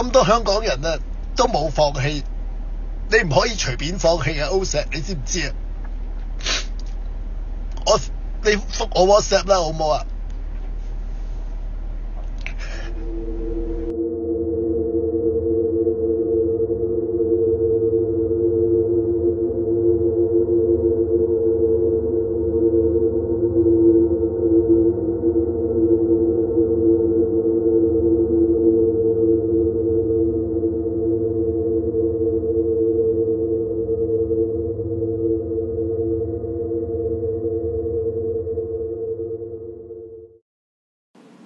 咁多香港人啊，都冇放棄。你唔可以隨便放棄啊！O 石，你知唔知啊？我你覆我 WhatsApp 啦，好唔好啊？